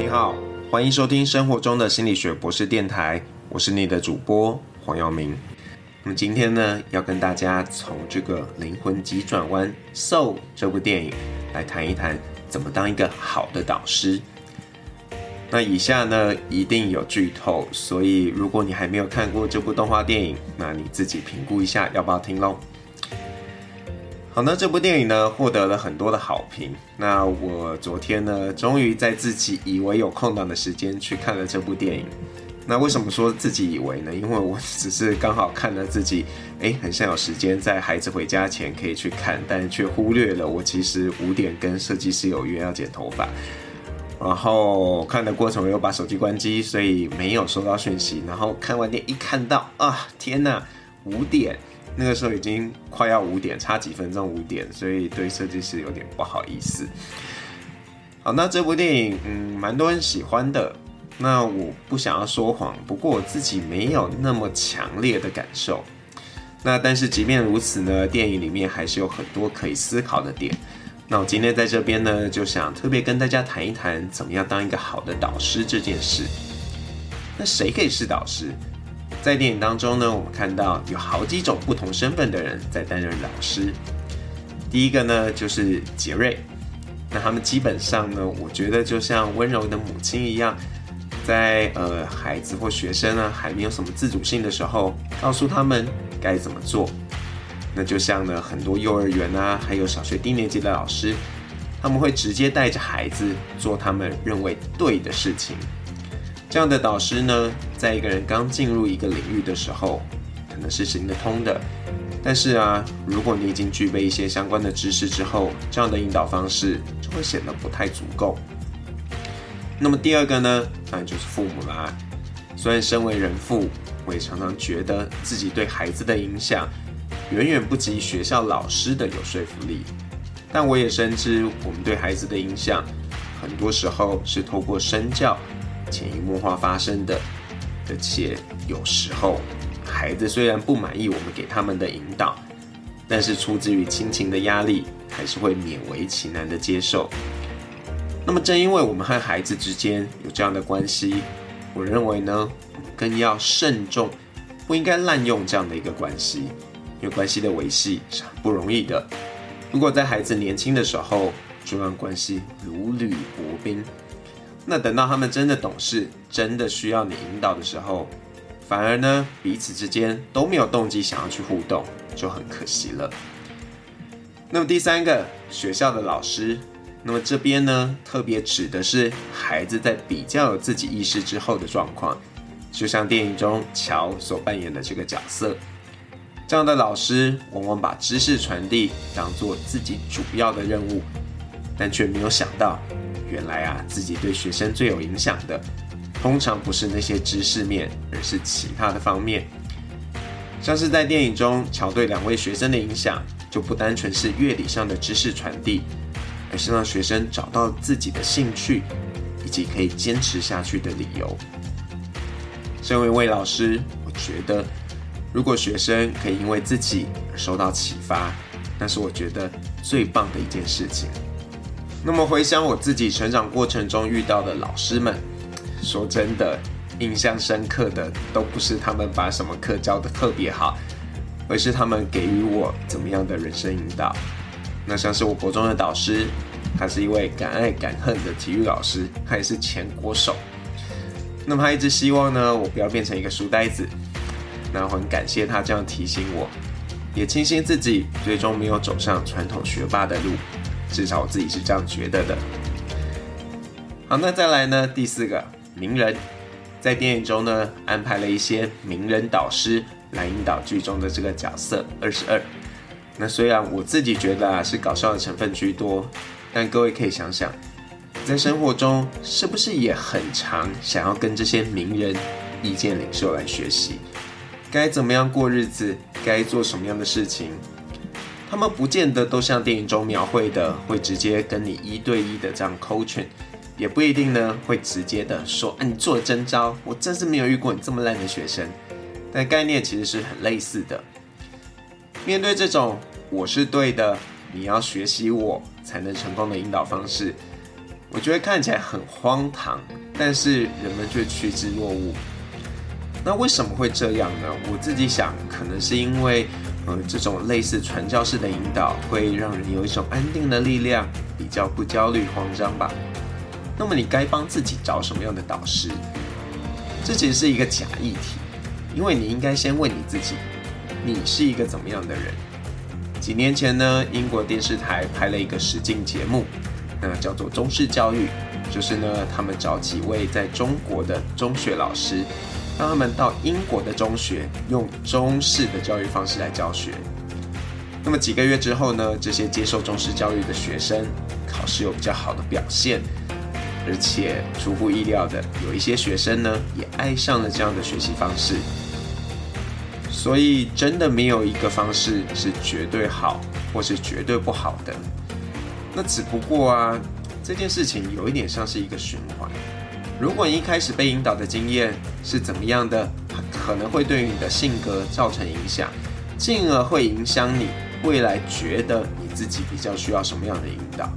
你好，歡迎收聽生活中的心理學博士電台，我是你的主播黃耀明。那麼今天呢，要跟大家從這個《靈魂急轉彎》Soul 這部電影來談一談怎麼當一個好的導師。那以下呢，一定有劇透，所以如果你還沒有看過這部動畫電影，那你自己評估一下要不要聽咯。好，那這部電影呢，獲得了很多的好評。那我昨天呢，終於在自己以為有空檔的時間去看了這部電影。那為什麼說自己以為呢？因為我只是剛好看了自己，欸、很像有時間在孩子回家前可以去看，但卻忽略了我其實五點跟設計師有約要剪頭髮。然後看的過程我又把手機關機，所以沒有收到訊息。然後看完電一看到啊，天哪，五點！那個時候已經快要五點，差幾分鐘五點，所以對設計師有點不好意思。好，那這部電影嗯，蠻多人喜歡的。那我不想要說謊，不過我自己沒有那麼強烈的感受。那但是即便如此呢，電影裡面還是有很多可以思考的點。那我今天在這邊呢，就想特別跟大家談一談怎麼樣當一個好的導師這件事。那誰可以是導師？在電影當中呢，我們看到有好幾種不同身份的人在擔任老師。第一個呢，就是傑瑞。那他們基本上呢，我覺得就像溫柔的母親一樣，在呃孩子或學生啊還沒有什麼自主性的時候，告訴他們該怎麼做。那就像呢很多幼兒園啊，還有小學低年級的老師，他們會直接帶着孩子做他們認為對的事情。這樣的導師呢，在一個人剛進入一個領域的時候，可能是行得通的。但是啊，如果你已經具備一些相關的知識之後，這樣的引導方式就會顯得不太足夠。那麼第二個呢，當然就是父母啦。雖然身為人父，我也常常覺得自己對孩子的影響遠遠不及學校老師的有說服力，但我也深知我們對孩子的影響，很多時候是透過身教。潛移默化發生的，而且有時候孩子雖然不滿意我們給他們的引導，但是出自於親情的壓力，還是會勉為其難的接受。那麼，正因為我們和孩子之間有這樣的關係，我認為呢，更要慎重，不應該濫用這樣的一個關係，因為關係的維繫是很不容易的。如果在孩子年輕的時候就讓關係如履薄冰。那等到他們真的懂事、真的需要你引導的時候，反而呢，彼此之間都沒有動機想要去互動，就很可惜了。那麼第三個，學校的老師，那麼這邊呢，特別指的是孩子在比較有自己意識之後的狀況，就像電影中喬所扮演的這個角色，這樣的老師往往把知識傳遞當作自己主要的任務。但卻沒有想到，原來啊，自己對學生最有影響的，通常不是那些知識面，而是其他的方面。像是在電影中，喬對兩位學生的影響，就不單純是樂理上的知識傳遞，而是讓學生找到自己的興趣，以及可以堅持下去的理由。身為一位老師，我覺得，如果學生可以因為自己而受到啟發，那是我覺得最棒的一件事情。那麼回想我自己成長過程中遇到的老師們，說真的，印象深刻的都不是他們把什麼課教得特別好，而是他們給予我怎麼樣的人生引導。那像是我國中的導師，他是一位敢愛敢恨的體育老師，他也是前國手。那麼他一直希望呢，我不要變成一個書呆子。那我很感謝他這樣提醒我，也慶幸自己最終沒有走上傳統學霸的路。至少我自己是這樣覺得的。好，那再來呢？第四個，名人，在電影中呢，安排了一些名人導師來引導劇中的這個角色二十二。那雖然我自己覺得啊，是搞笑的成分居多，但各位可以想想，在生活中是不是也很常想要跟這些名人意見領袖來學習，該怎麼樣過日子，該做什麼樣的事情？他們不見得都像電影中描繪的，會直接跟你一對一的這樣 coaching，也不一定呢，會直接的說，啊，你做真糟，我真是沒有遇過你這麼爛的學生。但概念其實是很類似的。面對這種我是對的，你要學習我才能成功的引導方式，我覺得看起來很荒唐，但是人們卻趨之若鶩。那為什麼會這樣呢？我自己想，可能是因為。呃，這種類似傳教式的引導，會讓人有一種安定的力量，比較不焦慮、慌張吧。那麼你該幫自己找什麼樣的導師？這其實是一個假議題，因為你應該先問你自己，你是一個怎麼樣的人？幾年前呢，英國電視台拍了一個實境節目，那叫做《中式教育》，就是呢，他們找幾位在中國的中學老師。讓他們到英國的中學用中式的教育方式來教學。那麼幾個月之後呢？這些接受中式教育的學生考試有比較好的表現，而且出乎意料的，有一些學生呢也愛上了這樣的學習方式。所以真的沒有一個方式是絕對好或是絕對不好的。那只不過啊，這件事情有一點像是一個循環。如果你一開始被引導的經驗是怎麼樣的，可能會對於你的性格造成影響，進而會影響你未來覺得你自己比較需要什麼樣的引導。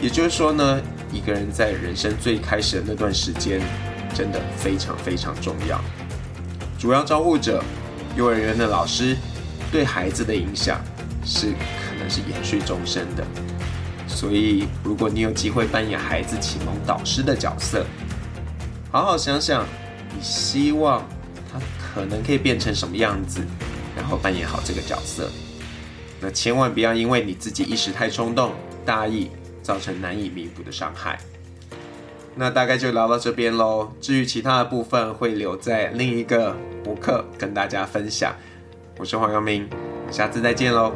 也就是說呢，一個人在人生最開始的那段時間，真的非常非常重要。主要照顧者、幼兒園的老師對孩子的影響是可能是延續終生的。所以，如果你有機會扮演孩子啟蒙導師的角色，好好想想，你希望他可能可以變成什麼樣子，然後扮演好這個角色。那千萬不要因為你自己一時太衝動、大意，造成難以彌補的傷害。那大概就聊到這邊嘍。至於其他的部分，會留在另一個播客跟大家分享。我是黃陽明，下次再見嘍。